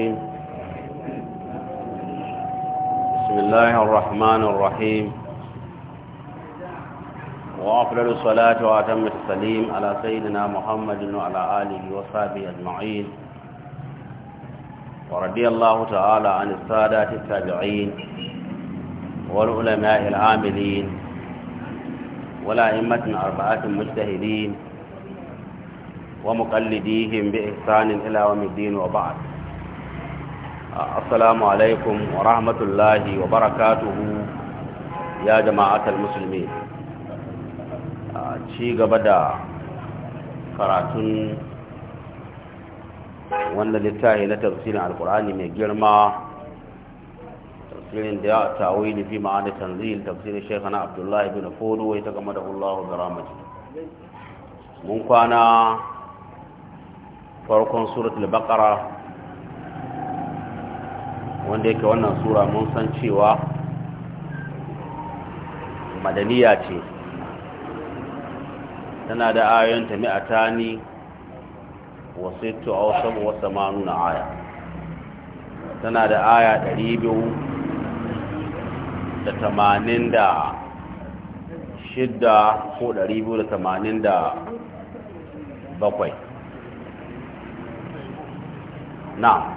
الرجيم بسم الله الرحمن الرحيم وأفضل الصلاة وأتم السليم على سيدنا محمد وعلى آله وصحبه أجمعين ورضي الله تعالى عن السادة التابعين والعلماء العاملين والأئمة أربعة مجتهدين ومقلديهم بإحسان إلى يوم الدين وبعد السلام عليكم ورحمة الله وبركاته يا جماعة المسلمين شيء da karatun wanda littafi na tafsirin alkur'ani mai girma tafsirin da ya tawi da fi ma'ana tanzil tafsirin shekana abdullahi bin fodo ya ta gama da allahu da ramadi mun kwana farkon suratul baqara wanda yake wannan sura mun san cewa madaniya ce tana da ayoyin ta mi'a ta sittu aw sab'u wa samanuna aya tana da aya 200 da tamanin da shidda ko ɗari tamanin da bakwai na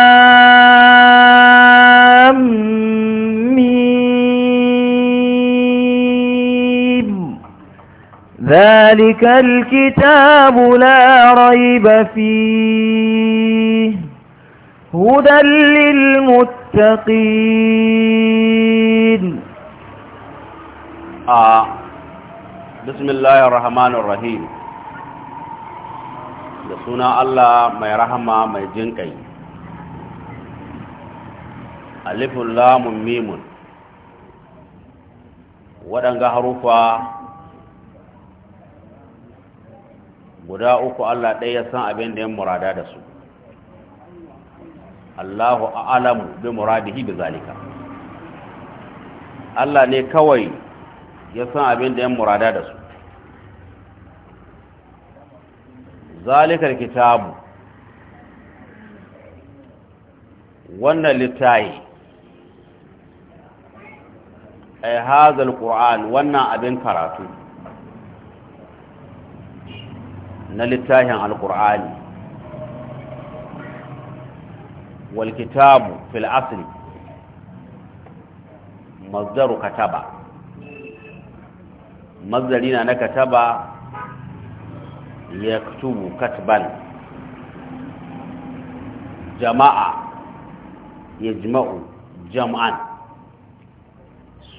ذلك الكتاب لا ريب فيه هدى للمتقين آه. بسم الله الرحمن الرحيم سنة الله ما يرحم ما يجنكي ألف الله من ميم ودنها حروفا guda uku Allah ɗaya ya san abin da ya murada da su Allahu a'lamu bi muradihi bi zalika Allah ne kawai ya san abin da ya murada da su zalikar kitabu wannan littayi ai hazal qur'an wannan abin karatu na littafin alkur'ani walkitabu fil asli mazdaru kataba mazdari na na kataba ya katubu katban jama'a ya jima'u jam'an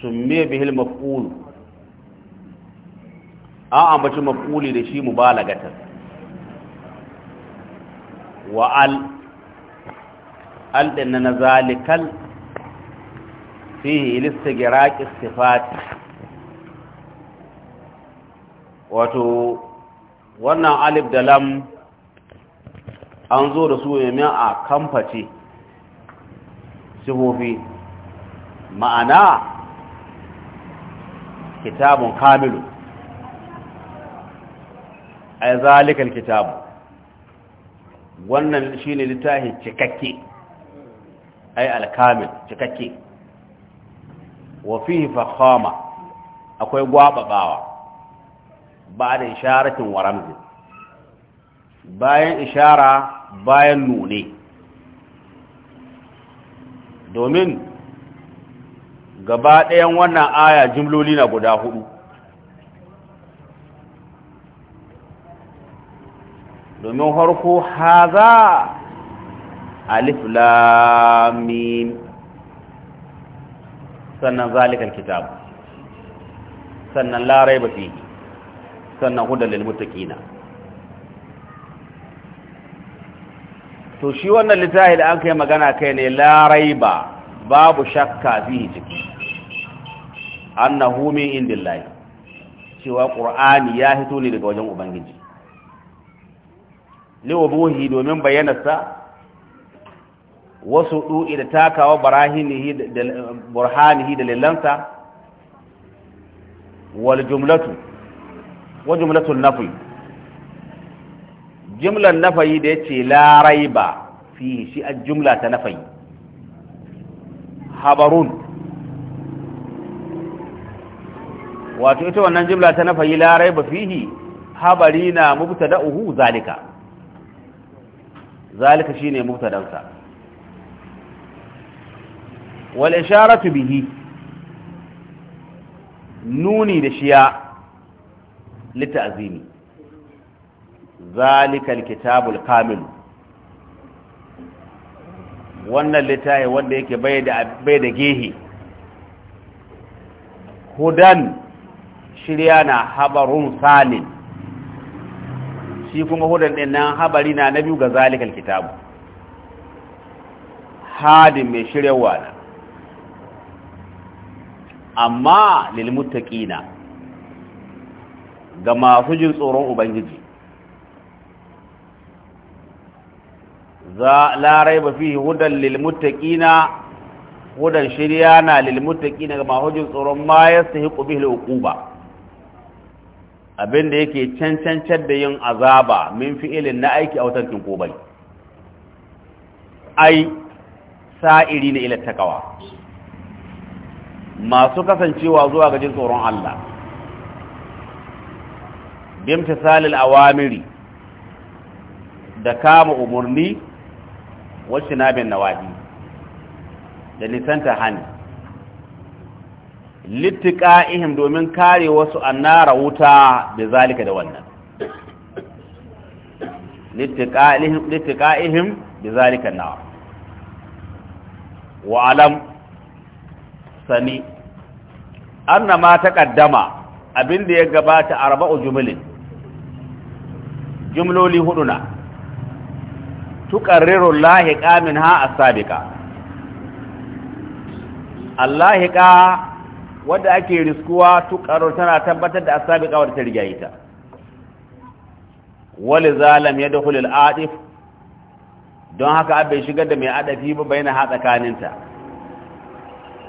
summe bihil maf'ulu a'a mace maf'uli da shi mubalagatar wa'al aldin na zalikal fihi listigirakis sifati wato wannan alif da lam an zo da su yamin a kamfaci sifofi ma'ana kitabun kamilu a zalikal kitabu wannan shi ne littafi cikakke ai alkamil cikakke wa fihi fakhama akwai gwababawa ba da isharatin waramzi bayan ishara bayan nune domin gaba ɗayan wannan aya jimloli na guda hudu domin harko haza alif lamim sannan zalikan kitab sannan larai ba fi sannan hudar lilmutakina to shi wannan littahi da an kai magana kai ne larai ba babu shakka fi ciki annahu min indillahi cewa qur'ani ya hito ne daga wajen ubangiji liwabuhi domin bayyanarsa wasu ɗu'i da takawa burhanihi da lillansa wal jumlatu wa jumlatul nafi jumlar nafayi da ya ce larai ba fi shi a jumla ta nafayi habarun wato ita wannan jumla ta nafayi larai ba fihi habari na mubta da'uhu zalika zalika shine sa wal isharatu bihi nuni da shiya litazimi zalika alkitabul kamil wannan litai wanda yake bai da bai gehe hudan shirya na habarun salin shi kuma hudan din nan habari na nabi ga zalikal kitabu hadin mai shiryawa na amma lil muttaqina ga masu jin tsoron ubangiji za la raiba fihi hudan lil muttaqina hudan shirya na lil muttaqina ga masu jin tsoron ma yastahiqu bihi al uquba abin da yake cancancar da yin azaba min fi'ilin na aiki a wutarkin kobai ai sa'iri na ila takawa masu kasancewa zuwa ga jin tsoron Allah bimtisalil awamiri da kama umarni wacce nabin nawahi da nisanta hannu ihim domin kare wasu annara wuta da zalika da wannan littiqa'ihim ihim da zalika na wa alam sani anna ma taqaddama da ya gabata arba'u jumlin jumloli huduna tuqarriru lahiqa minha as-sabiqa ka. wadda ake riskuwa tukaro tana tabbatar da asabiqa wadda ta rigaye ta wal zalam yadkhul al adif don haka abin shigar da mai adafi ba na haɗa tsakaninta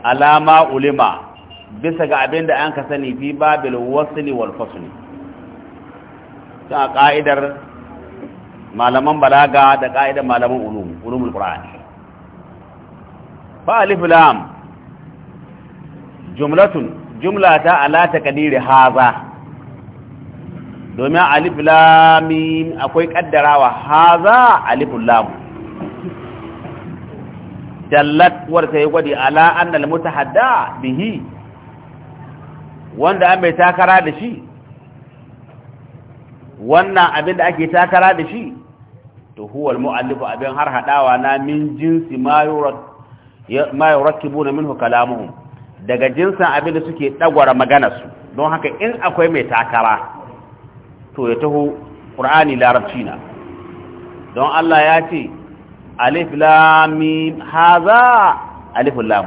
alama ulima bisa ga abin da an ka sani fi babil wasli wal fasli ta ka'idar malaman balaga da ka'idar malaman ulum ulumul qur'an fa lam jumlatun jumla ta ala kadiri haza domin alif lam mim akwai kaddarawa haza alif lamu dallat war sai gwadi ala annal al mutahadda bihi wanda an bai takara da shi wannan abin da ake takara da shi to huwa al muallifu abin har hadawa na min jinsi ma yurakibuna minhu kalamuhum daga jinsin abin da suke ɗagwara maganarsu don haka in akwai mai takara to ya taho ƙur'ani larabci na don Allah ya ce alif lamim haza alif lam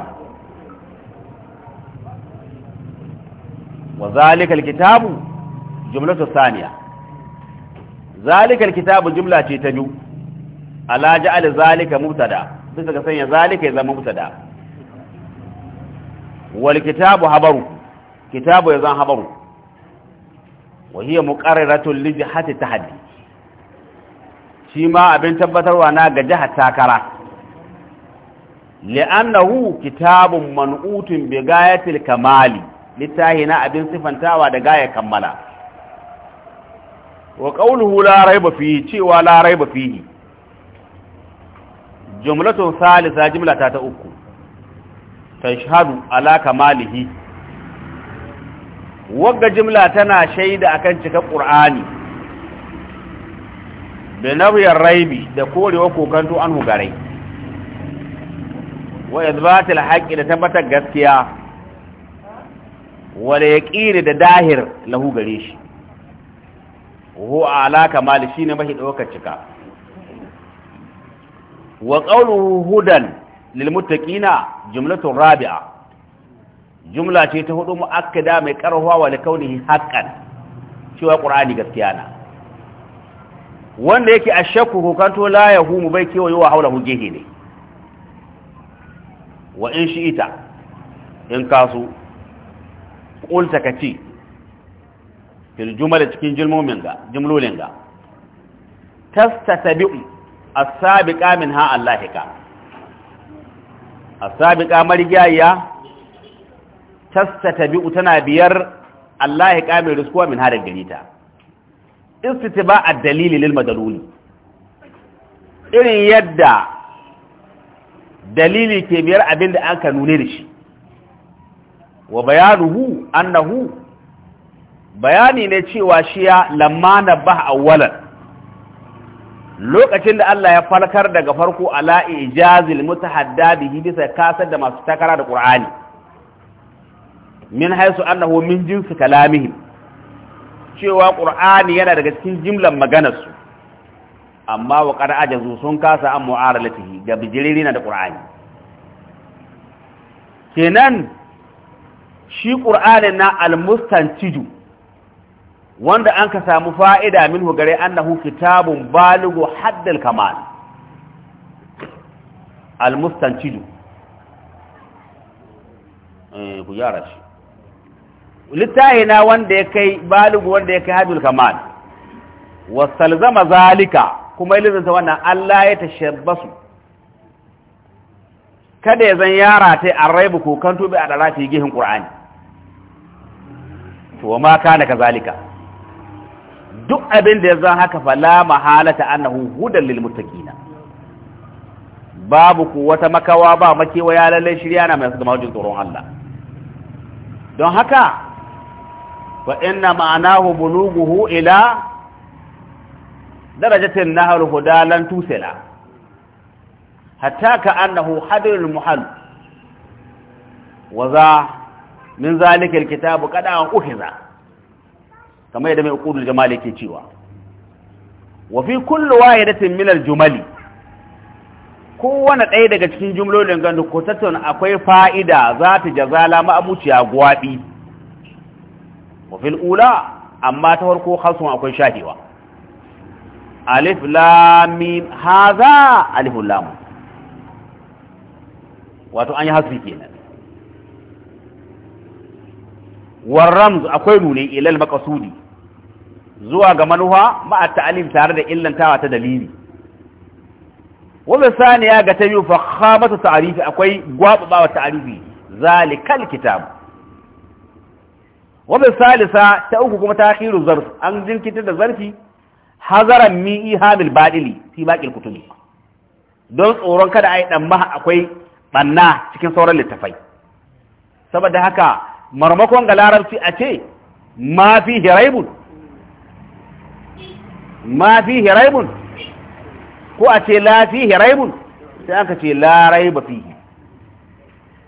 wa zalikal kitabu jumlatu saniya zalikal kitabu jumla ce ta biyu ala ja'al zalika mubtada duk daga sanya zalika ya zama mubtada wal kitabu habaru kitabu ya habaru wa hiya muqarraratun li jihati tahaddi shi ma abin tabbatarwa na ga jihar takara li'annahu kitabun man'utun bi gayatil kamali littahi na abin sifantawa da gaya kammala wa qawluhu la rayba fihi cewa la rayba fihi jumlatun salisa jumlata ta uku tashhadu ala kamalihi wagga jimla tana shaida akan cika qur'ani bi ar raibi da korewa kokanto an hugarai wa al haqqi da tabbatar gaskiya la yaqiri da dahir lahu gare shi hu ala kamali shine mahi daukar cika wa qawluhu hudan lilmuttaqina jumlatun rabi'a jumla ce ta hudu muakkada mai karhuwa wa likaunihi haqqan cewa qur'ani gaskiya na wanda yake ashakku ko kanto la yahumu bai kewaye wa haula hujehi ne wa in shi'ita in kasu qulta kace fil jumla cikin jilmomin ga jumlolin ga tastatabi'u as-sabiqa minha allahika a sabiƙa marigayya tasta tana biyar Allah ya kame riskuwa min hadar gari ta a dalili lil madaluli irin yadda dalili ke biyar abin da aka nune da shi wa bayanuhu annahu bayani ne cewa shiya lamma bah ba awwalan lokacin da Allah ya farkar daga farko ala ijazil mutahaddadihi bisa kasar da masu takara da Qur'ani min haisu annahu min jinsi kalamihim cewa Qur'ani yana daga cikin jimlan maganarsu, amma wa qad ajazu sun kasa an mu'aralatihi ga bijirina da Qur'ani kenan shi Qur'ani na al-mustantiju wanda an ka samu fa'ida minhu gare annahu kitabun baligu haddal kamal al-mustancidu eh, ku yara shi littahi na wanda ya kai baligu wanda ya kai haddal kamal zalika kuma yi lizinta wannan Allah ya su kada ya zan yara ta an raibu kukan tobe a ɗara ta yi gihin ƙur'ani to wa ma kana ka zalika duk abin da ya zan haka fala mahalata annahu hudan lil muttaqina babu ku wata makawa ba makewa ya lalle shirya na mai zama jin tsoron Allah don haka wa inna ma'anahu buluguhu ila darajatin nahar hudalan tusila hatta ka annahu hadrul muhal wa za min zalika alkitabu qad uhiza kamar yadda mai uqudul jamal ke cewa wa fi kulli wahidatin min al-jumali kowane ɗaya daga cikin jumlolin gandu ko tattun akwai fa'ida za ta jazala ma'abuciya gwaɓi wa fil ula amma ta farko hasun akwai shahewa alif lamin haza alif lamun wato an yi hasfi kenan warramz akwai nuni ilal maqsudi zuwa ga manuha ma'a ta'alim tare da illantawa ta dalili wanda saniya ga ta yi fa khamatu ta'rifi akwai gwababawa ta'rifi zalikal kitab wanda salisa ta uku kuma takhiru zarf an jinkita da zarfi hazaran mi ihamil badili fi baqil kutubi don tsoron kada ai dan akwai banna cikin sauran littafai saboda haka marmakon ga larabci a ce ma fi hiraibun ma fi hiraibun ko a ce la fi hiraibun sai aka ce larai ba fihi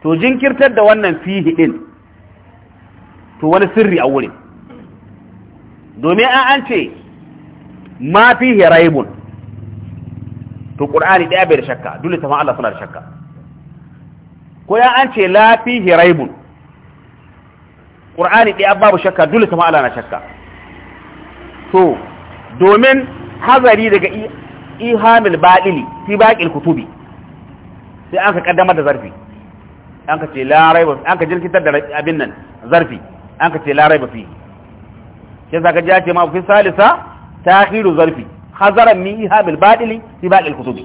to jinkirtar da wannan fihi din to wani sirri a wurin domin an ce ma fi hiraibun to ƙur'ani ɗaya bai da shakka dole tafi Allah suna da shakka ko ya an ce la fi hiraibun qur'ani dai babu shakka dole kuma Allah na shakka to domin hazari daga ihamil badili fi baqil kutubi sai an ka kaddamar da zarfi an ka ce la raiba an ka jirkitar da abin nan zarfi an ka ce la raiba fi sai zaka ji ce ma fi salisa takhiru zarfi hazaran min ihamil badili fi baqil kutubi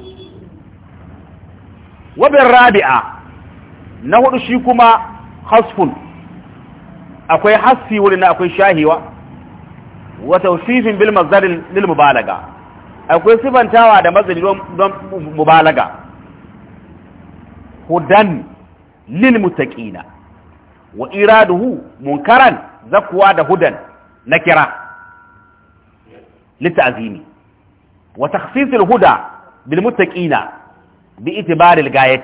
wa bil rabi'a na hudu shi kuma khasfun akwai haski wurin na akwai shahiwa wa tawsifin bil mazdar lil mubalaga akwai sifantawa da mazdari don mubalaga hudan lil muttaqina wa iraduhu munkaran zakwa da hudan nakira للتعزيم وتخصيص الهدى بالمتقين باعتبار الغايه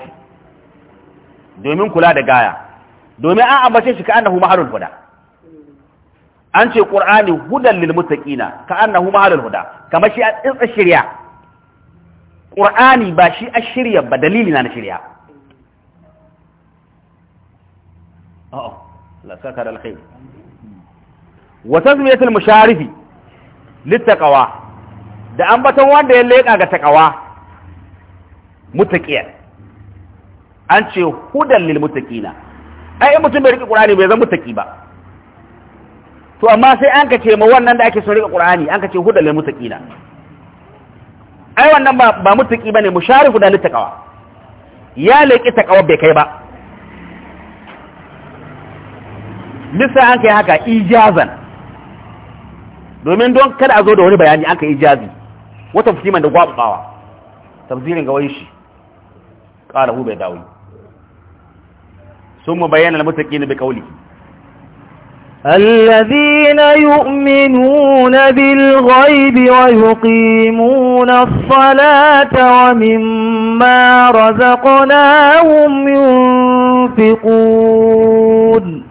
domin kula da gaya domin an ambace shi ka annahu mahalul huda an ce qur'ani hudan lil muttaqina ka annahu mahalul huda kamar shi a tsintsa shirya qur'ani ba shi a shirya ba dalili na na shirya oh, a'a la saka da alkhair wa tazmiyatul musharifi littaqawa da ambaton wanda ya leka ga taqawa muttaqiya an ce hudan lil muttaqina ai in mutum bai riƙe qur'ani bai zama mutaki ba to amma sai an ce ma wannan da ake son rike qur'ani an kace hudal mutaki na ai wannan ba ba mutaki bane musharifu da littaqawa ya leki takawa bai kai ba lissa an kai haka ijazan domin don kada a zo da wani bayani an kai ijazi wata fitiman da gwabawa tafsirin ga wani shi ƙara hu bai dawo ثم بيان المتقين بقوله الذين يؤمنون بالغيب ويقيمون الصلاة ومما رزقناهم ينفقون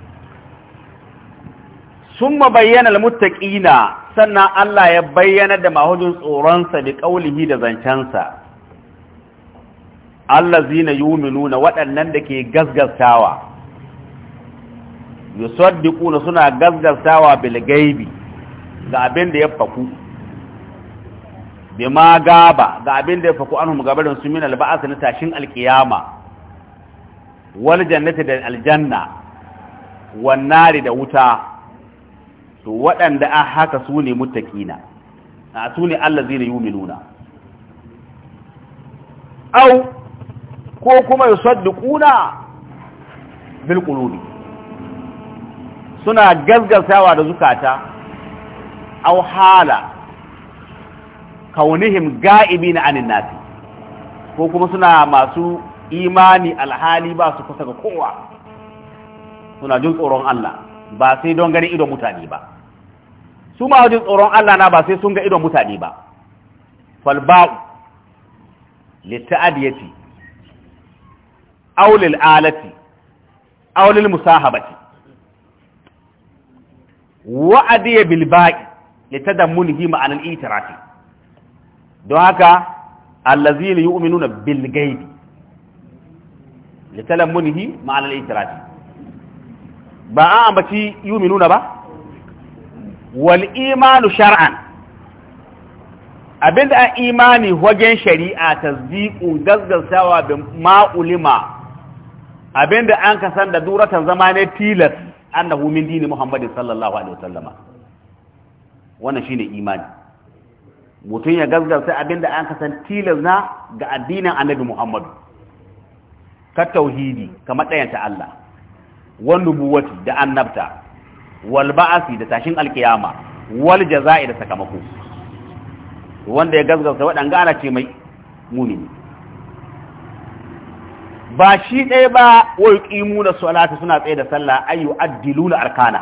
ثم بيان المتقين سنة الله يبين دمهج صورانسا بقوله دزنشانسا allazina yu'minuna waɗannan da ke gasgastawa yusaddiquna suna gasgastawa bil gaibi ga abin da ya faku bima gaba ga abin da ya faku anhum gabarin su min alba'as na tashin alkiyama wal jannati da aljanna wan nari da wuta to waɗanda a haka su ne muttaqina a su ne allazina yu'minuna au ko kuma yusaddiquna bil qulubi suna gazgasawa da zukata aw hala kaunihim ga'ibina anin nasi ko kuma suna masu imani alhali ba su kusa ga kowa suna jin tsoron Allah ba sai don ganin idon mutane ba su ma jin tsoron Allah na ba sai sun ga idon mutane ba falba'u litta'adiyati aulil alati aulil musahabati wa'adiya bil ba'i litadammunihi ma'anan itirafi don haka allazina yu'minuna bil ghaibi litadammunihi ma'anan itirafi ba an ambaci yu'minuna ba wal imanu shar'an abinda an imani wajen shari'a tasdiqu gaggasawa bi ma'ulima da an ka san da duratan zama ne tilas annahu min dini muhammadin sallallahu alaihi wasallama wannan shine imani mutum ya abin da an ka san tilas na ga addinin annabi muhammadu ka tauhidi kamar ɗayanta Allah wal nubuwati da annabta wal ba'asi da tashin alkiyama wal jaza'i da sakamako wanda ya gasgarta waɗanga ana ce mai mumini ba shi ɗaya ba wa ƙimu da salata suna tsaye da sallah addilu na arkana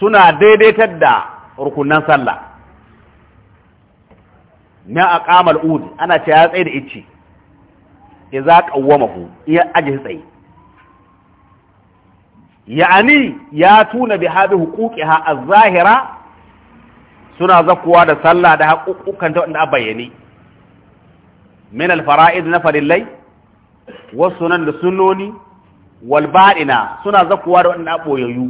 suna daidaitar da rukunan sallah na aqamal ud ana ce ya tsaye da icci idza qawwamahu ya aje tsaye ya'ani ya tuna bi hadi huquqiha az-zahira suna zakuwa da sallah da haƙuƙukan ta wanda a bayyane min al na farillai wasu nan da sunoni walbaɗina suna zakuwa da waɗanda ɓoyayyu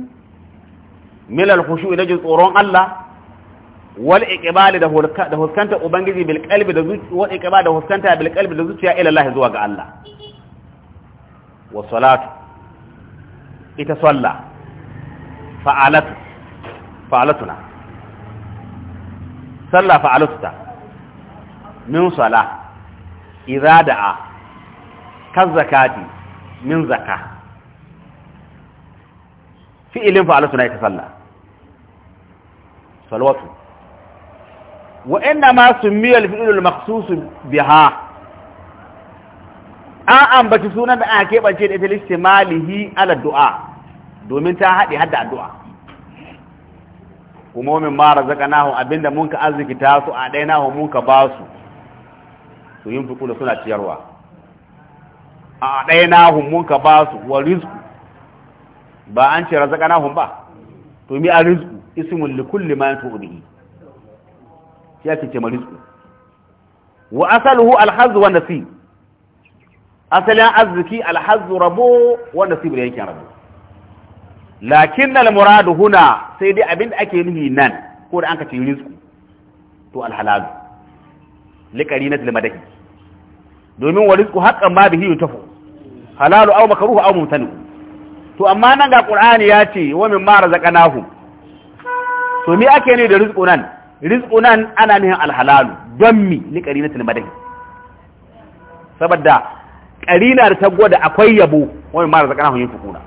milal hushu ina jin tsoron Allah wal iqbali da da huskanta ubangiji bil qalbi da zuciya wal iqbali da huskanta bil qalbi da zuciya ila Allah zuwa ga Allah wa salatu ita salla fa'alatu fa'alatuna salla fa'alatuta min sala idza da'a kan zakati min zaka fi'ilin fa'ala na ita sallah salwatu wa inna ma sumiya al al makhsus biha an ambaci sunan da ake keɓance da ita ala du'a domin ta haɗe hadda addu'a kuma min mara zaka abinda mun ka arziki ta su a dainahu mun ka basu su su yin fukula suna ciyarwa a ɗaya na hunmun ka ba su wa rizku ba an ce razaka hun ba to mi a rizku isimun li kulli ma yantu bihi shi ake ce ma rizku wa asaluhu alhazz wa nasib asalin arziki alhazu rabo wanda si bude yankin rabo lakin muradu huna sai dai abin da ake nufi nan ko da an ka ce rizku to alhalalu na almadahi domin wa rizku haƙƙan ma bihi yutafu halalu aw makruhu aw mumtani to amma nan ga qur'ani ya ce wa min ma razaqnahum to ni ake ne da nan, rizqunan nan ana nihin alhalalu don mi ni qarinatul madai saboda qarina da tagwa da akwai yabo wa min ma razaqnahum yunfiquna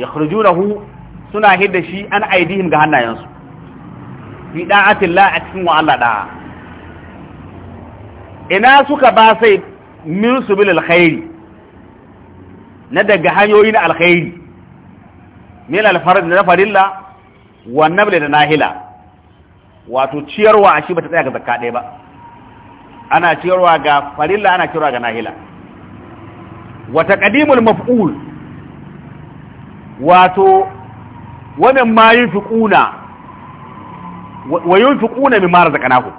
yakhrujunahu suna hidda shi an aidihim ga hannayensu fi da'atillah a cikin wa Allah da'a ina suka ba sai min subil alkhairi na daga hanyoyi na alkhairi min alfarad na farilla wa nabla da nahila wato ciyarwa a shi bata tsaya ga zakka ɗaya ba ana ciyarwa ga farilla ana ciyarwa ga nahila wa taqdimul maf'ul wato wannan ma yunfiquna wa yunfiquna mimma razaqnahum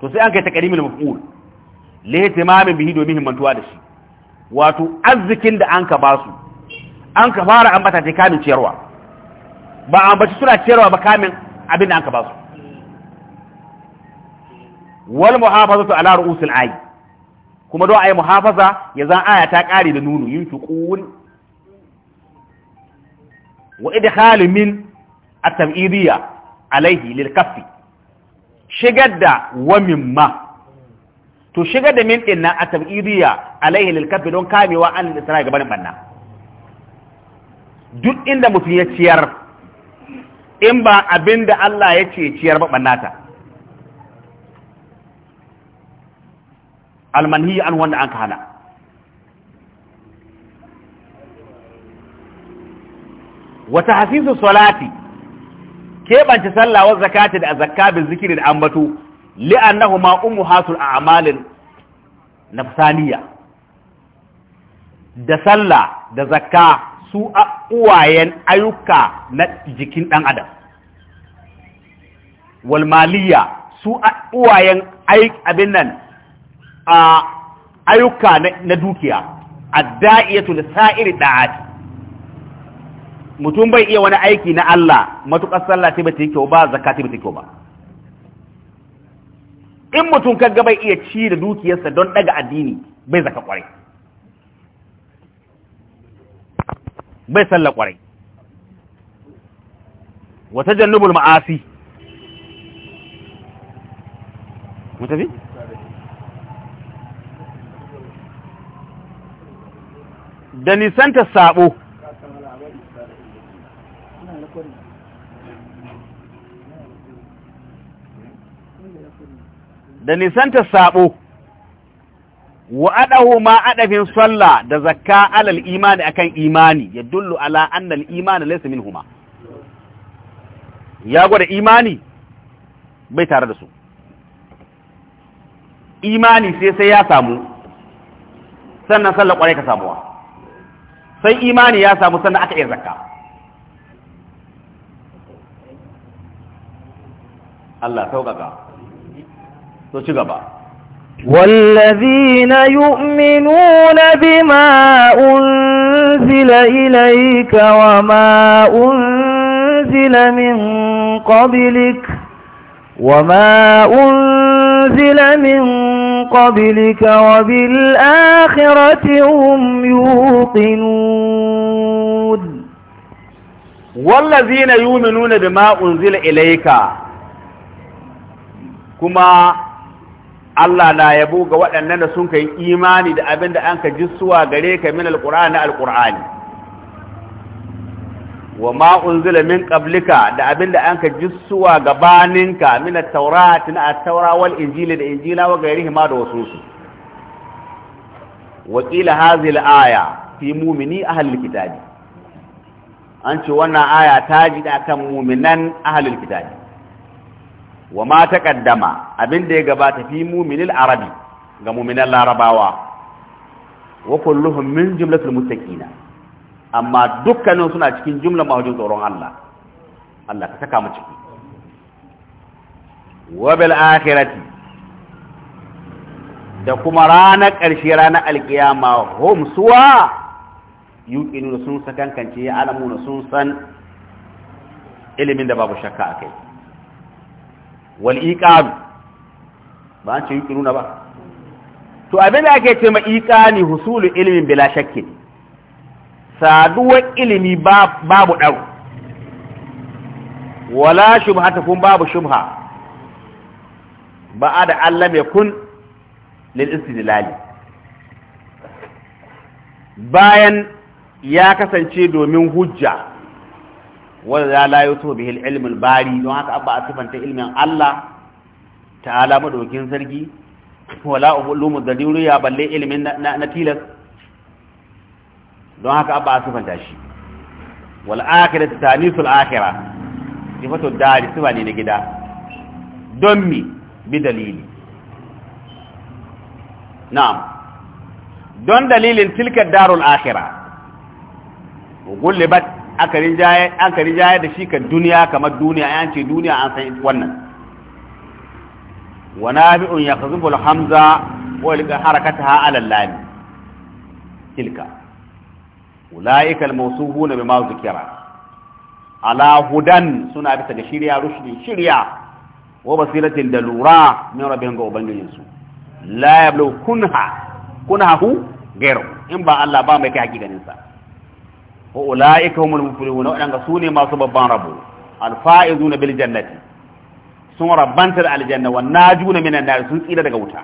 to sai an kai taqdimul maf'ul lihtimamin bihi domin himmantuwa da shi wato arzikin da an ka su an ka fara ambata ce kamin ciyarwa ba a ambaci suna ciyarwa ba kamin abin da an ka basu wal muhafazatu ala ru'usil ay kuma don ayi muhafaza ya zan aya ta kare da nunu yunfiqun wa idkhal min at-tam'idiyya alayhi lil kaffi shigar da wa mimma to shiga da min din nan a tabiriya alaihi lil kafi don kamewa an isra'i gaban banna duk inda mutum ya ciyar in ba abin da Allah ya ce ciyar ba bannata almanhi an wanda an hana wata hasisu salati keɓance sallah wa zakati da zakka bi zikiri da ambato li'annahuma a a'malin nafsaniya da sallah da zakka su uwayen ayyuka na jikin ɗan adam walmaliyya su uwayen abin nan a ayyuka na dukiya adda'iyatu lisa'iri da'ati mutum bai iya wani aiki na Allah matukar sallah ta bata yi kyau ba zakka ta bata yi kyau ba in mutum kaga bai iya ci da dukiyarsa don daga addini bai zaka kwarai bai salla kwarai wata jannubul ma'asi mutafi da nisanta sabo da nisanta sabo wa adahu ma adafin sallah da zakka alal imani akan imani ya dullu ala annal imani laysa minhuma ya gwada imani bai tare da su imani sai sai ya samu sannan sallar kwarai ka samuwa sai imani ya samu sannan aka iya zakka Allah sauƙaƙa to ci gaba والذين يؤمنون بما أنزل إليك وما أنزل من قبلك وما أنزل من قبلك وبالآخرة هم يوقنون والذين يؤمنون بما أنزل إليك كما Allah na yabo ga waɗannan da sun kai imani da abin da an ka ji suwa gare ka min alƙur'ani na alƙur'ani wa ma unzila min qablika da abin da an ka ji suwa gabaninka min at-taurat na at-taura wal injili da injila wa gairihi ma da wasu su wa qila hadhihi al-aya fi mu'mini ahli al-kitabi an ce wannan aya ta ji da kan mu'minan ahli al-kitabi wa ma taqaddama abin da ya gabata fi mu'minil arabi ga mu'minan larabawa wa kulluhum min jumlatil muttaqina amma dukkanin suna cikin jumla mahujin tsoron Allah Allah ka saka mu ciki wa bil akhirati da kuma ranar ƙarshe ranar alkiyama hum suwa yuqinu sun sakankance ya alamuna sun san ilimin da babu shakka akai wal ba an ce yuqinuna ba to abin da ake ce ma iqani husulu ilmin bila shakki saduwar ilimi babu dau wala kun babu shubha ba da Allah mai kun lil bayan ya kasance domin hujja wanda za la yuto bihi ilmul bari don haka abba a sifanta ilmin Allah ta'ala madaukin sarki wala ulumu daruriya balle ilmin na tilas don haka abba a sifanta shi wal akhiratu tanisul akhirah sifatu dari sifa ne na gida don mi bi dalili na'am don dalilin tilka darul akhirah gulibat aka rinjaye da shi ka duniya kamar duniya an ce duniya an san wannan wa nabi'un yakhzubu al-hamza wa yalqa harakataha 'ala al tilka ulaika al-mawsuhuna bima dhukira ala hudan suna bisa ga shirya rushdi shirya wa basiratin da lura min rabbin ga ubangijin su la yablu kunha kunha gairu in ba Allah ba mai kai hakikanin sa wa ula'ika humul muflihun wadanga sune masu babban rabo al faizuna bil jannati sun rabbanta da aljanna wan najuna minan nar sun tsira daga wuta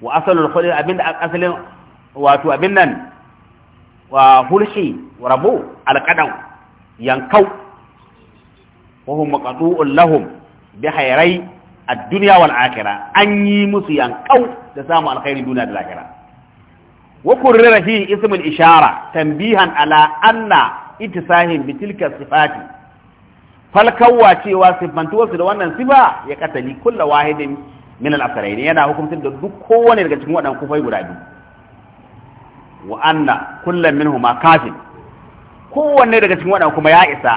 wa asalul khuldi abinda asalin wato abin nan wa hulhi wa rabo al qadam yankau wa hum maqdu'un lahum bi hayrai ad-dunya wal akhirah an yi musu yankau da samu alkhairi duniya da lahira wa kurrira fi ishara tambihan ala anna itisahin bi tilka sifati falkawa cewa sifantuwa su da wannan sifa ya katali kullu wahidin min al yana hukuntar da duk kowane daga cikin waɗannan kufai guda biyu wa anna kullum minhu kafin kowanne daga cikin waɗannan kuma ya isa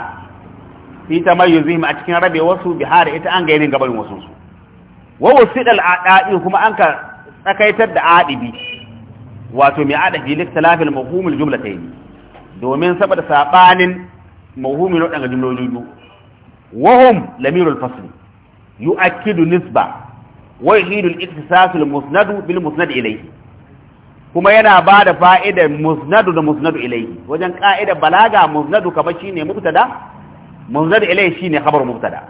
fi tamayyuzihim a cikin rabe wasu bi ita an ga yanin wasu su kuma an ka tsakaitar da adibi wato mai adafi jumla ta yi? domin saboda sabanin mafhumin wadanga jumloli biyu wahum lamirul fasl yu'akkidu nisba wa yuhidu al-ikhtisas al-musnad bil musnad ilayhi kuma yana ba da fa'idar musnadu da musnadu ilayhi wajen ka'ida balaga musnadu kamar shine mubtada musnadu ilayhi shine khabar mubtada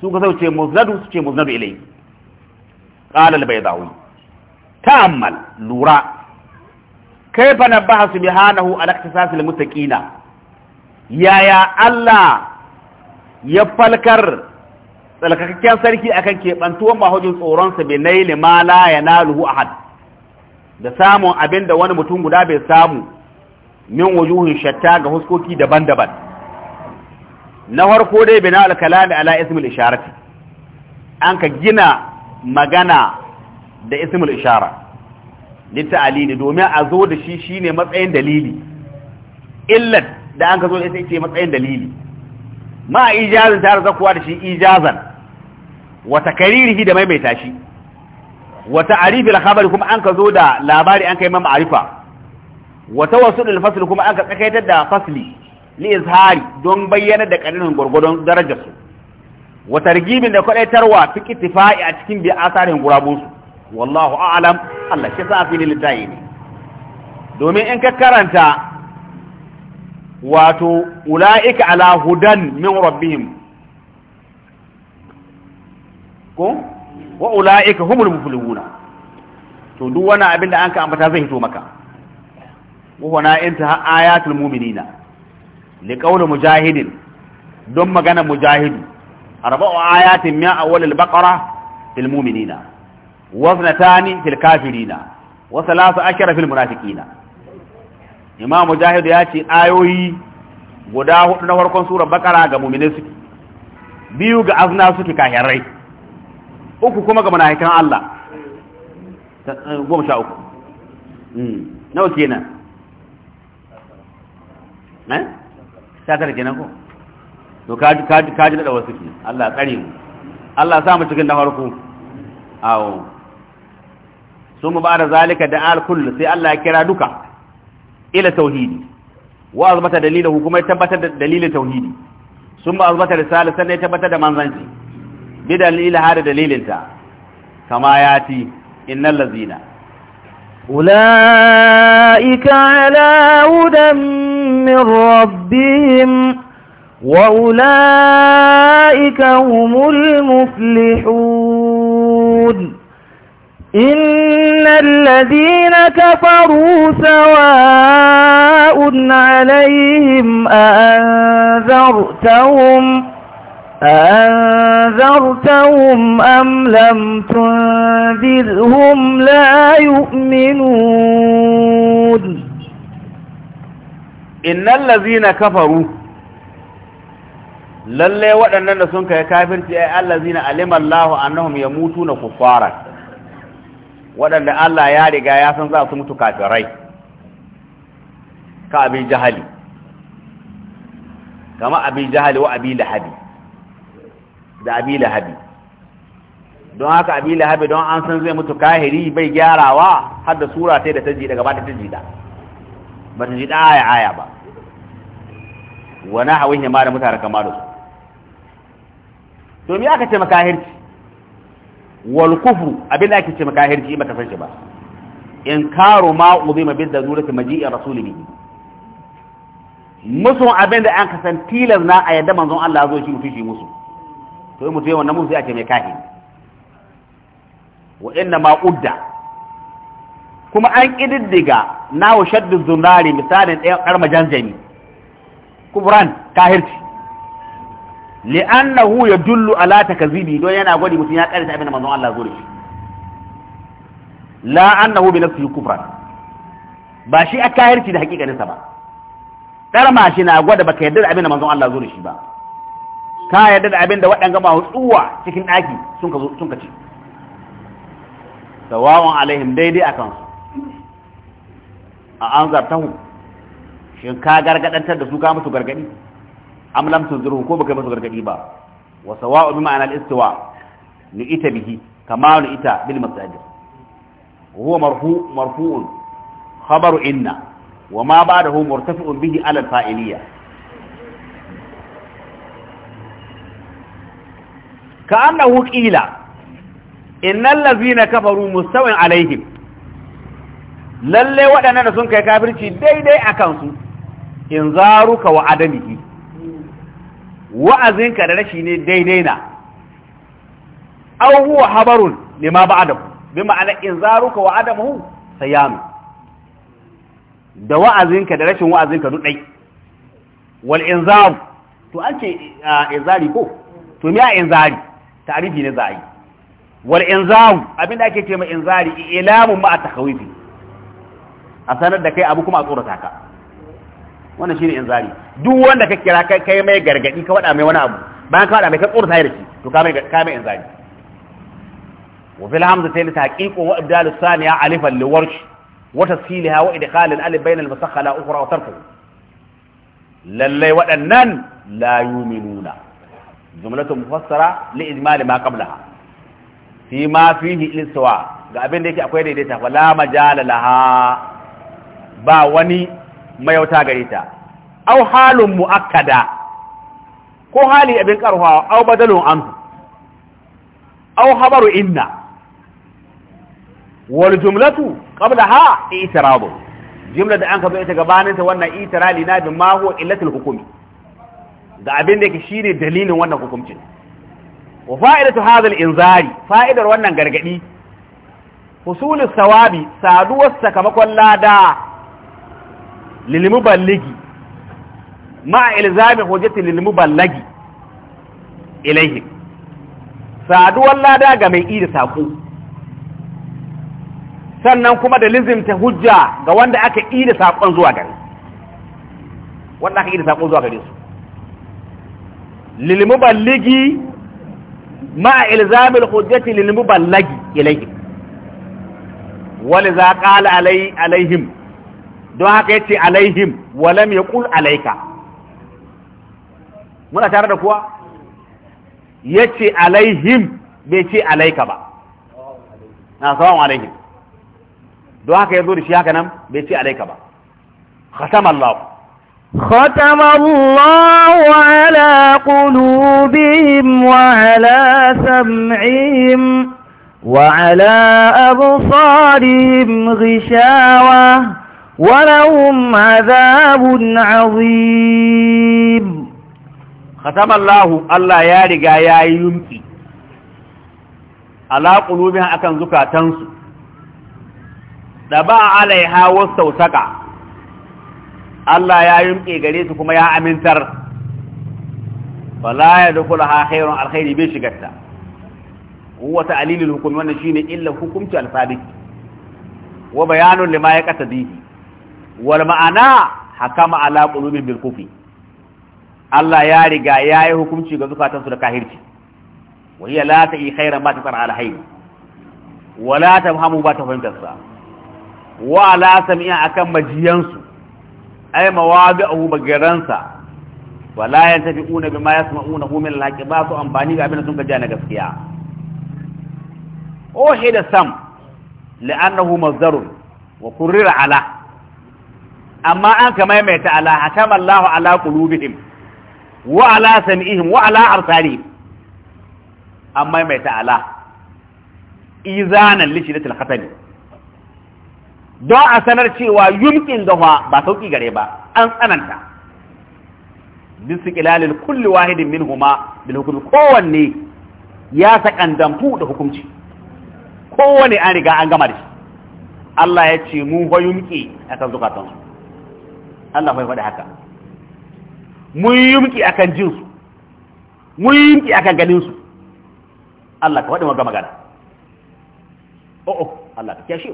su ka sauce musnadu su ce musnadu ilayhi qala bai. baydawi ta'ammal lura كيف نبه سبحانه على اختصاص المتقين يا يا الله falkar tsalkakakken sarki akan keɓantuwan mahujin tsoronsa bai naili ma la ya naluhu ahad da samun abin da wani mutum guda bai samu min wujuhin shatta ga huskoki daban-daban na farko dai bina alkalami ala ismul isharati an ka gina magana da ismul ishara litta'alili domin a zo da shi shine matsayin dalili illat da an ka zo da ita ce matsayin dalili ma ijazin tare zakuwa da shi ijazan Wata takaririhi da maimaita shi wa ta'rifil khabari kuma an ka zo da labari an kai ma'arifa wata wasu fasli kuma an ka tsakaitar da fasli li izhari don bayyana da karinin gurgudun darajarsu wa targibin da kwadaitarwa fi ittifai a cikin bi asarin gurabunsu والله أعلم الله شسافي للتايني دومي إنك كرانتا واتو أولئك على هدى من ربهم كم وأولئك هم المفلحون تدوانا أبن أنك أم تزهدو مكا وهنا انتهى آيات المؤمنين لقول مجاهد دم مجاهد أربع آيات من أول البقرة المؤمنين واثنتان في الكافرين وثلاث عشر في المنافقين إمام مجاهد ياتي آيوي guda na farkon surar bakara ga mumine biyu ga azna suke kahirai uku kuma ga munafikan Allah goma sha uku nawa kenan eh sha tara kenan to kaji kaji wasu ke Allah tsare Allah sa mu cikin na farko awo sun mu bada zalika da alkul sai Allah ya kira duka ila tauhidi wa azmata dalilahu kuma ya tabbatar da dalilin tauhidi sun ba azmata risala sannan ya tabbatar da manzanci bi dalilin hada dalilinta kama yati innal lazina أولئك على هدى من ربهم وأولئك هم المفلحون إن الذين كفروا سواء عليهم أأنذرتهم أأنذرتهم أم لم تنذرهم لا يؤمنون إن الذين كفروا للي وأننا سنك يكافر في الذين علم الله أنهم يموتون كفارا waɗanda Allah ya riga ya san za su mutu kafirai ka abin jahali kama abin jahali wa abin lahabi da abin lahabi don haka abin lahabi don an san zai mutu kahiri bai gyarawa har da sura sai da ta jida gaba ta ji jida ba ta da aya aya ba wani hawin ma da mutane kama da su to me aka ce makahirci wal kufru abin da ake ce makahirci ba ta fashe ba in karu ma uzima bil darurati maji'i rasuli bihi musu abin da an kasan tilas na a yadda manzon Allah zo shi mutu shi musu to mutu yawan namu sai ake mai kahi? wa inna ma udda kuma an kididdiga na wa shaddu zunari misalin ɗaya karma janjani kubran kahirci li'annahu yadullu ala takzibi don yana gwadi mutum ya karanta abin da manzon Allah zo da shi la annahu bi nafsihi kufran ba shi aka yarci da hakikanin sa ba karma shi na gwada baka yarda da abin da manzon Allah zo da shi ba ka yarda da abin da waɗanga ma tsuwa cikin ɗaki sun ka sun ka ci sawa'un alaihim daidai akan su a an zartahu shin ka gargadantar da su ka musu gargadi am lam tunzirhum ko baka musu gargadi ba wa sawa'u bi ma'ana istiwa ni ita bihi kama ni ita bil masajid huwa marfu marfu'un khabaru inna wa ma ba'dahu murtafi'un bihi ala al-fa'iliyya كأنه قيل إن الذين كفروا مستوى عليهم lalle waɗannan da sun kai kafirci daidai a kansu in zaruka wa adamihi wa'azinka da rashi ne daidai na aw huwa habarun lima ba'dahu bi ma'ana in zaruka wa ya sayam da wa'azinka da rashin wa'azinka duk ɗai. wal inzar to an ce inzari ko to me zari ta'rifi ne za'i wal inzar abinda ake ce ma zari, ilamun ma a takawifi a sanar da kai abu kuma a tsorata ka wannan shine inzari duk wanda ka kira kai mai gargadi ka wada mai wani abu bayan ka wada mai ka tsorta da shi to ka mai ka mai inzari wa fil ta li taqiqu wa ibdalu thaniya alifan li warsh wa tasheelaha wa idkhal al alif bayna al musakhala ukhra wa tarfu lallai wadannan la yu'minuna jumlatu mufassara li ijmal ma qablaha fi ma fihi ilsawa ga abin da yake akwai daidaita wala majala laha ba wani mayauta gare ta aw halun muakkada ko hali abin karwa aw badalun anhu Au habaru inna wal jumlatu qablaha i'tiradu jumla da an ka bai ta gabanin ta wannan i'tirali na bi ma huwa illatul hukumi da abin da yake shine dalilin wannan hukuncin wa fa'idatu hadha al-inzari fa'idar wannan gargadi husulus sawabi saduwar sakamakon lada lilmuballigi ma a ilzami hujjati lilmuballagi ilaihi saduwar lada ga mai iri saƙo sannan kuma da lizim ta hujja ga wanda aka iri saƙon zuwa gari wanda aka iri saƙon zuwa gari su lilmuballigi ma ilzami hujjati lilmuballagi ilaihi ولذا قال علي عليهم don haka ya yace alaihim wa lam yaqul alayka muna tare da kuwa ya yace alaihim bai ce alayka ba na sawan alaihim don haka yazo da shi haka nan bai ce alayka ba khatama Allah ختم الله على قلوبهم وعلى سمعهم وعلى أبصارهم غشاوة ولهم عذاب عظيم ختم الله الله يا رجا يا يمكي على قلوبها akan zukatansu da ba alaiha wasautaka Allah ya yumke gare su kuma ya amintar fala yadkhulaha khairun alkhairi bi shigatta huwa ta'lilul hukm wannan shine illa hukumci alfabik wa bayanun lima yaqtadihi Walma'ana ma'ana hakama ala qulubin bil kufi Allah ya riga ya yi hukunci ga zukatan su da kahirci wa hiya la ta'i khairan ma tasar ala hayy wa la tamhamu ba ta fahimtar sa wa la sami'a akan majiyan su ay mawadi'u bagaran sa wa la yantafi'una bima yasma'una min al-haqi ba su amfani ga abin da sun gaja na gaskiya o hida sam la'annahu mazdarun wa kurrira ala amma an ka maimaita ala hatama Allah ala qulubihim wa ala sam'ihim wa ala absarihim an maimaita ala izanan li shiddatil khatami don a sanar cewa yumkin gawa ba sauki gare ba an tsananta bisikilalil kulli wahidin minhuma bil hukm kowanne ya sakandamfu da hukunci kowanne an riga an gama da shi Allah ya ce mu fa yumki akan zukatansu Allah bai faɗi haka mun yumki akan jin su mun yumki akan ganin su Allah ka faɗi maka magana oh oh Allah ka kiyashe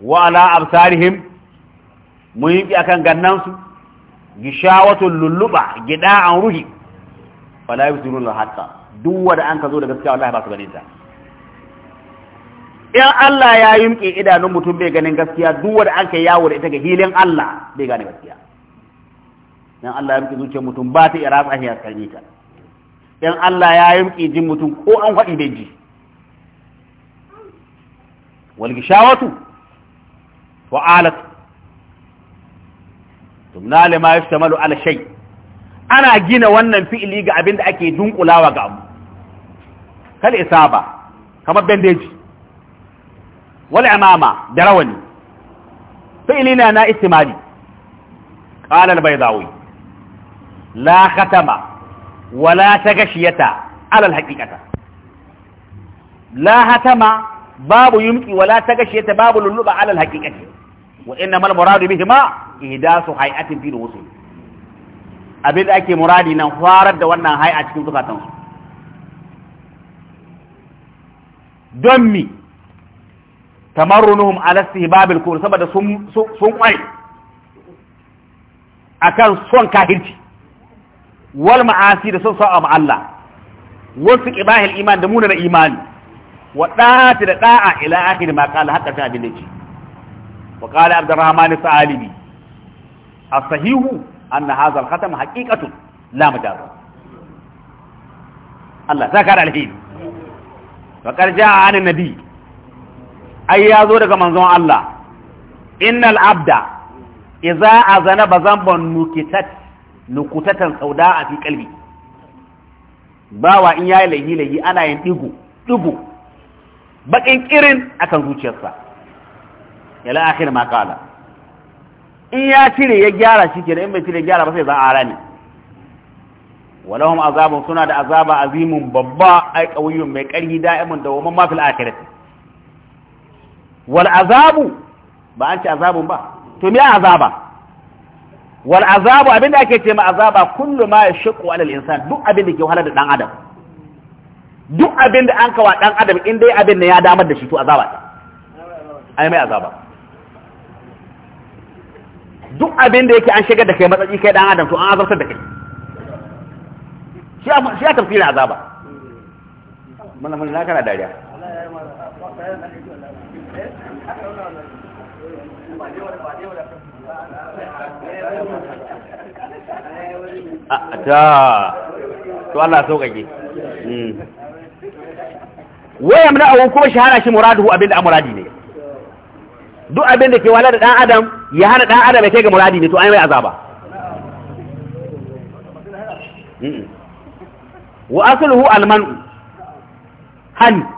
wa ala absarihim mun yumki akan gannan su gishawatul lulluba gida an ruhi fala yusiruna hatta duk wanda an ka zo da gaskiya wallahi ba su ganin ta in Allah ya yumke idanun mutum bai ganin gaskiya duk wanda an yawo da ita ga hilin Allah bai gane gaskiya in Allah ya yumke zuciyar mutum ba ta iratsa a sanye ta in Allah ya yumke jin mutum ko an faɗi bai ji wal gishawatu wa alat tumna lima yaftamalu ala shai ana gina wannan fi'ili ga abin da ake dunkulawa ga abu kal isaba kamar bandeji wal amama da rawani fi'lina na istimali qala al baydawi la wala tagashiyata ala al haqiqata la babu yumki wala tagashiyata babu lulluba ala al haqiqati wa innamal abin da ake muradi nan farar da wannan a cikin zukatansu don mi tamarrunuhum ala istihbabil kufr saboda sun sun kwai akan son kafirci wal ma'asi da son sa'a ma Allah wasu qibahil iman da munana imani wa da'ati da da'a ila akhir ma qala hatta ta bin ce wa qala abdurrahman sa'alibi as-sahihu anna hadha al-khatam haqiqatun la majaz Allah zakara alheri wa qad ja'a an nabi ai ya zo daga manzon Allah innal abda idza azana bazamban nukitat nukutatan sauda a fi kalbi bawa in yayi lahi lahi ana yin digo digo bakin kirin akan zuciyarsa ila akhir ma qala in ya cire ya gyara shi kenan in bai cire gyara ba sai za a rani walahum azabun suna da azaba azimun babba ai qawiyyun mai karhi da'imun da wa man fil akhirati wal azabu ba an ce azabun ba to me azaba wal azabu abinda ake ce ma azaba kullu ma yashqu ala al insan duk abinda ke wahalar da dan adam duk abinda an kawa dan adam in dai abin ne ya damar da shi to azaba ta ai mai azaba duk abinda yake an shigar da kai matsayi kai dan adam to an azabtar da kai shi ya shi a azaba mana mun na kana dariya ta to Allah sauƙaƙe hmm. waya mana kuma shi muradu shi abinda a muradi ne duk abinda ke wala da ɗan adam ya hana ɗan adam ya kai ga muradi ne to an yi mai azaba hmm. wa asluhu almanu hani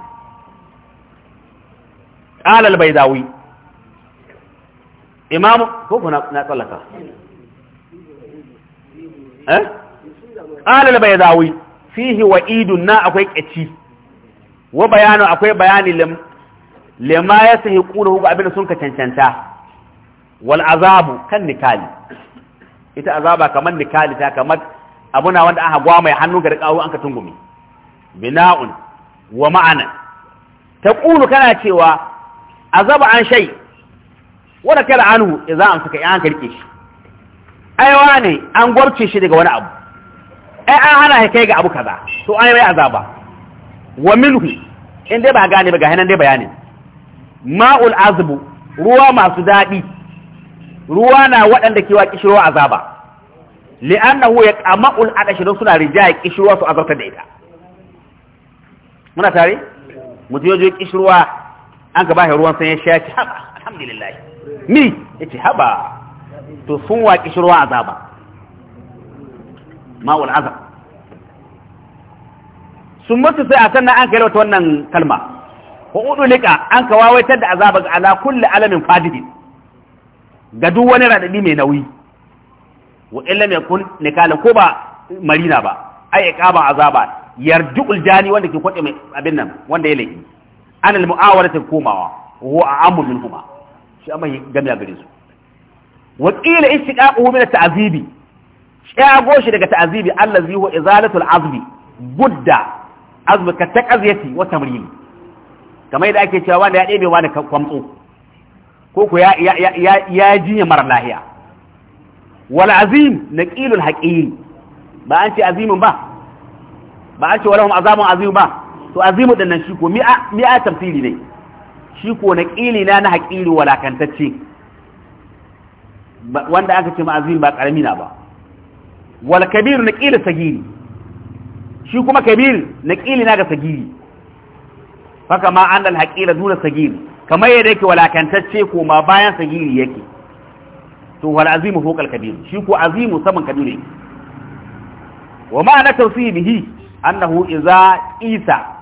Alal bai baydawi imamu ko ko na tsallaka eh alal al-baydawi fihi idun na akwai kaci wa bayanu akwai bayani lim lima yasahiquna hu abin sun ka cancanta wal azabu kan nikali ita azaba kamar nikali ta kamar abuna wanda aka gwa mai hannu ga rikawo an ka tungumi bina'un wa ma'ana ta taqulu kana cewa azaba an shay wala za a saka amsaka an karke shi aiwa ne an gwarce shi daga wani abu ai an hana kai ga abu kaza to yi mai azaba wa minhu in dai ba gane ba ga hanan dai bayani ma'ul azbu ruwa masu daɗi. ruwa na waɗanda ke wa kishirwa azaba li'annahu ya adashi don suna rijaya kishirwa su azarta da ita muna tare mutum yaje kishirwa an ka bashi ruwan sanyi ya ci haba alhamdulillah mi ce haba to sun waƙi shi ruwan azaba ma'ul azab sun mutu sai a sannan an kai wata wannan kalma ko udulika an ka wawaitar da azaba ga ala kulli alamin fadidi ga duk wani radadi mai nauyi wa illa mai kun nikala ko ba marina ba ai iqaba azaba yarjuul jani wanda ke kwaɗe mai abin nan wanda ya laifi an al-mu'awalatin komawa wa min minhuma shi amma gami a gare su wa qila istiqaquhu min at-ta'zibi ya shi daga ta'zibi allazi huwa izalatul azbi budda azbi ka taqziyati wa tamrini kamar yadda ake cewa wanda ya ɗebe wani kwamtso ko ko ya ya ya ya jinya mara lahiya wal azim naqilul haqir ba an ce azimin ba ba an ce walahum azamun azim ba to azimu din nan shi ko mi'a mi'a tafsiri ne shi ko na qili na na haqili walakantacce wanda aka ce ma azim ba karami na ba wal kabir na qili sagiri shi kuma kabir na qili na ga sagiri haka ma annal haqila duna sagiri kamar yadda yake walakantacce ko ma bayan sagiri yake to wal azimu fawqa al kabir shi ko azimu saman kabir yake wa ma'ana tawsibihi annahu iza isa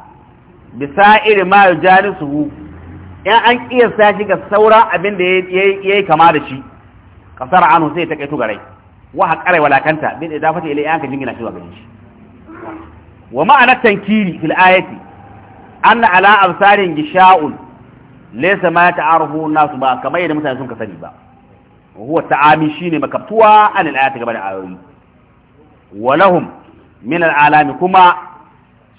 iri ma yujalisuhu in an kiyasta shi ga sauran abin da ya yi kama da shi kasar anhu sai ta kai to garai wa haqara walakanta bil idafati ila yanka jingina shi wa gare shi wa ma'ana tankiri fil ayati anna ala absarin gisha'un laysa ma ta'arufu nasu ba kamar yadda mutane sun ka sani ba huwa ta'ami shine makaftuwa an al ayati gaba da ayoyi wa lahum min al alami kuma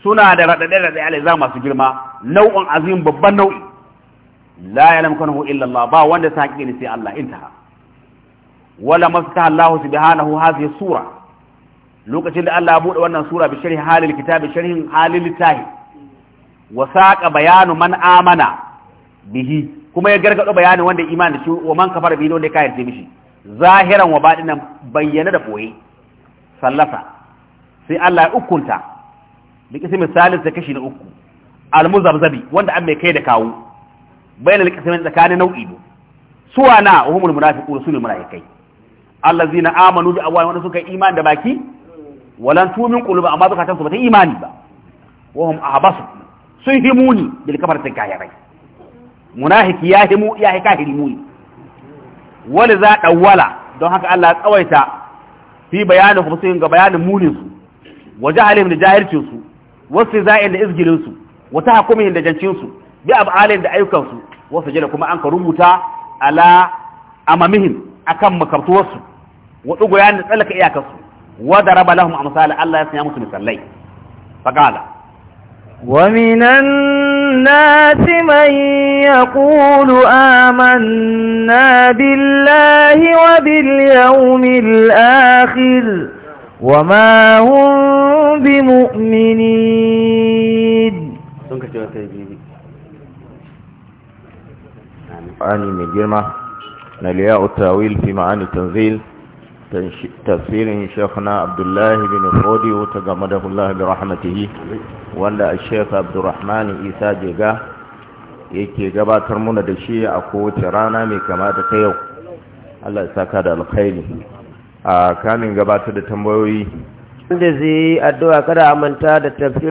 suna da raɗaɗe-raɗaɗe alaiza masu girma nau'in azim babban nau'i la ya lamkan hu illallah ba wanda ta haƙi ne sai Allah intaha wala mafita Allah subhanahu hazihi sura lokacin da Allah ya buɗe wannan sura bi sharhi halil kitabi sharhin halil littahi wa saqa bayanu man amana bihi kuma ya gargado bayanin wanda imani da shi wa man kafara bihi wanda ya kayar mishi zahiran wa badinan bayyana da boye sallasa sai Allah ya ukunta likisi misalin ta kashi na uku almuzabzabi wanda an mai kai da kawo bayan likisimin tsakanin nau'i ne suwa na humul munafiqu rasulul munafiqai allazina amanu bi awwal wanda suka imani da baki walan tumin quluba amma zakatan ba ta imani ba wa hum ahbasu sun himuni bil kafartin kayarai munafiki ya himu ya hika hirimuni wala za dawwala don haka Allah ya tsawaita fi bayanin hukumin ga bayanin munin su wa jahalihim da jahilcin su wasu za'in da izgilinsu wata hakumin da jancinsu bi ab'alin da ayyukansu wasu jira kuma an ka rubuta ala amamihim akan makartuwarsu wa dugo da tsalaka iyakarsu wa daraba lahum amsal Allah ya sanya musu misalai faqala wa minan الناس من يقول آمنا بالله وباليوم الآخر wa هم بمؤمنين sun kace na liya utawil fi isa jega yake gabatar muna da shi a kowace rana mai kama da kai yau allah isa da alkhairi a kamin gabatar da tambayoyi wanda zai addu'a kada a manta da tafi